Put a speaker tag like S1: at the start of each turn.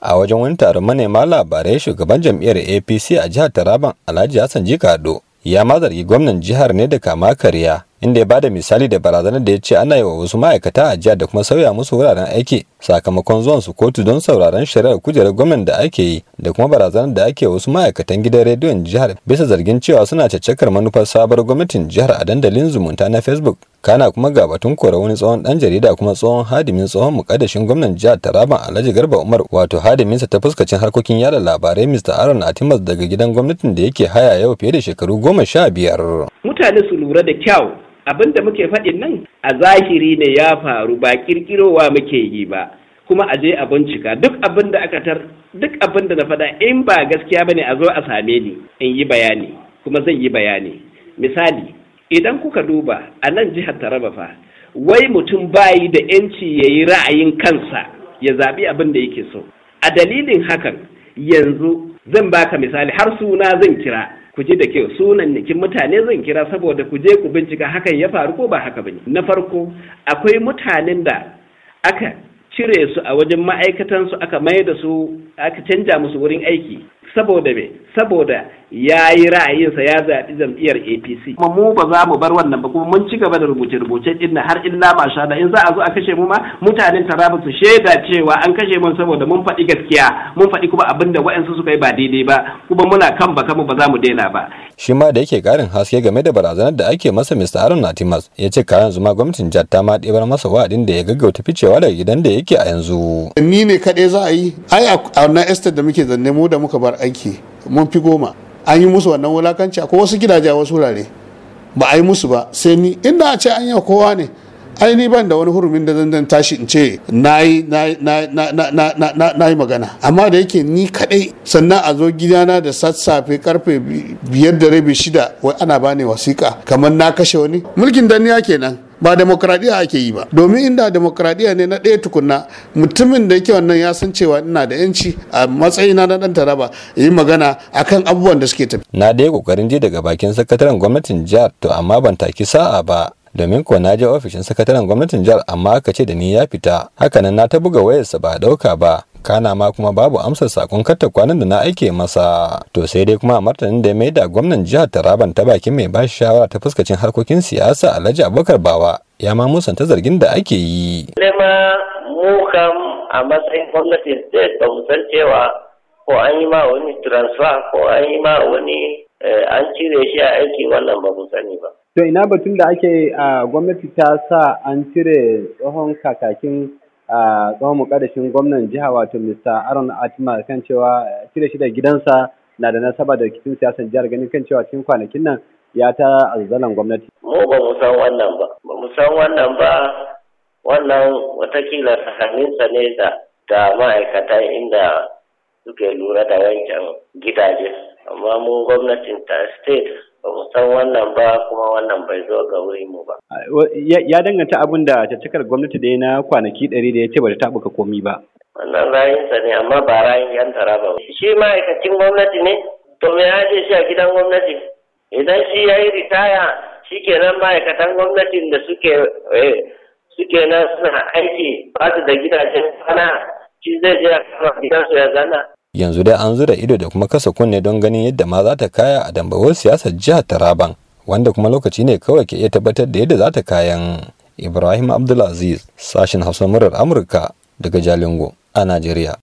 S1: a wajen wani taron manema labarai shugaban jam'iyyar apc a jihar taraban alhaji hassan jikado ya ma zargi gwamnan jihar ne da kama karya inda ya bada misali da barazanar da ya ce ana yi wa wasu ma'aikata a jihar da kuma sauya musu wuraren aiki sakamakon zuwan su kotu don sauraron shari'ar kujerar gwamnan da ake yi da kuma barazanar da ake wasu ma'aikatan gidan rediyon jihar bisa zargin cewa suna caccakar manufar sabar gwamnatin jihar a dandalin zumunta na facebook kana kuma ga batun kora wani tsohon dan jarida kuma tsohon hadimin tsohon mukaddashin gwamnan jihar Taraban Alhaji Garba Umar wato hadimin sa ta fuskacin harkokin yada labarai Mr. Aaron Atimas daga gidan gwamnatin da yake haya yau fiye da shekaru goma sha biyar.
S2: Mutane su lura da kyau abin da muke faɗin nan a zahiri ne ya faru ba kirkirowa muke yi ba kuma a je a bincika duk abin da aka tar duk abin da na faɗa in ba gaskiya bane a zo a same ni in yi bayani kuma zan yi bayani misali idan kuka duba a nan jihar taraba fa wai mutum bayi da yanci ya yi ra'ayin kansa ya zaɓi abin da yake so a dalilin hakan yanzu zan baka misali har suna zan kira ku ji da kyau sunan nikin mutane zan kira saboda ku je ku bincika hakan ya faru ko ba haka bane na farko akwai mutanen da aka cire su a wajen ma'aikatansu aka mai da su aka canja musu wurin aiki saboda me saboda ya yi ra'ayinsa ya zaɓi jam'iyyar apc kuma mu ba za mu bar wannan ba kuma mun ci gaba da rubuce-rubuce din har illa masha da in za a zo a kashe mu ma mutanen taraba su shaida cewa an kashe mu saboda mun faɗi gaskiya mun faɗi kuma abin da waɗansu suka yi ba daidai ba kuma muna kan baka mu ba za mu daina ba.
S1: shi ma da yake karin haske game da barazanar da ake masa mr aaron natimas ya ce kayan zuma gwamnatin jihar ta ma
S3: ɗebar masa wa'adin da ya gaggauta ficewa daga gidan da yake a yanzu. ni ne kaɗai za a yi ai a wannan estate da muke zanne mu da muka bar aiki mun fi goma an yi musu wannan wulakanci ko wasu gidaje wasu wurare ba a yi musu ba sai ni inda a ce an yi kowa ne ai ni ban da wani hurumin da zan tashi in ce na yi magana amma da yake ni kadai sannan a zo gidana da sassafe karfe biyar da rabi shida wai ana bani wasiƙa kamar na kashe wani mulkin danniya kenan ba demokradiya ake yi ba domin inda demokradiya ne na ɗaya tukunna mutumin da yake wannan ya san cewa ina da yanci a matsayina na ɗan taraba yi magana akan abubuwan da suke tafi na ɗaya kokarin je daga
S1: bakin sakataren gwamnatin jihar to amma ban taki sa'a ba domin ko na je ofishin sakataren gwamnatin jihar amma aka ce da ni ya fita hakanan na ta buga wayarsa ba a ɗauka ba kana ma kuma babu amsar sakon karta kwanan da na aike masa to sai dai kuma a martanin da ya mai da gwamnan jihar taraban ta bakin mai bashi shawara ta fuskacin harkokin siyasa alhaji abubakar bawa ya ma musanta zargin da ake yi.
S4: Lema mu kam a matsayin gwamnati da ba cewa ko an yi ma wani transfer ko an yi ma wani eh, an cire shi a aiki wannan ba mu ba.
S2: To ina batun da ake a ah, gwamnati ta sa an cire tsohon kakakin a tsohon mukaddashin gwamnan jiha wato Mr. Aaron Atima kan cewa shirye shirye gidansa na da nasaba da rikicin siyasar jihar ganin kan cewa cikin kwanakin nan ya ta azalan gwamnati.
S4: Mu ba mu san wannan ba, ba mu san wannan ba wannan watakila tsakaninsa ne da da ma'aikatan inda suke lura da yankin gidaje, amma mu gwamnatin ta state ba san wannan ba kuma wannan bai zo ga wurin mu ba.
S2: Ya danganta abin da
S1: cakar gwamnati da ya na kwanaki ɗari da ya ce ba ta taɓuka komi ba.
S4: Wannan sa ne amma ba rayin yan tara ba. Shi ma'aikacin gwamnati ne? To me ya ce shi a gidan gwamnati? Idan shi ya yi ritaya shi kenan ma'aikatan gwamnatin da suke eh, suke nan suna aiki ba su da gidajen kwana shi zai je a kama gidansu ya zana.
S1: yanzu dai an zura ido da kuma kasa kunne don ganin yadda ma za ta kaya a dambawar siyasar jihar taraban wanda kuma lokaci ne kawai ke iya tabbatar da yadda za ta kayan ibrahim abdulaziz sashin hausa murar amurka daga jalingo a najeriya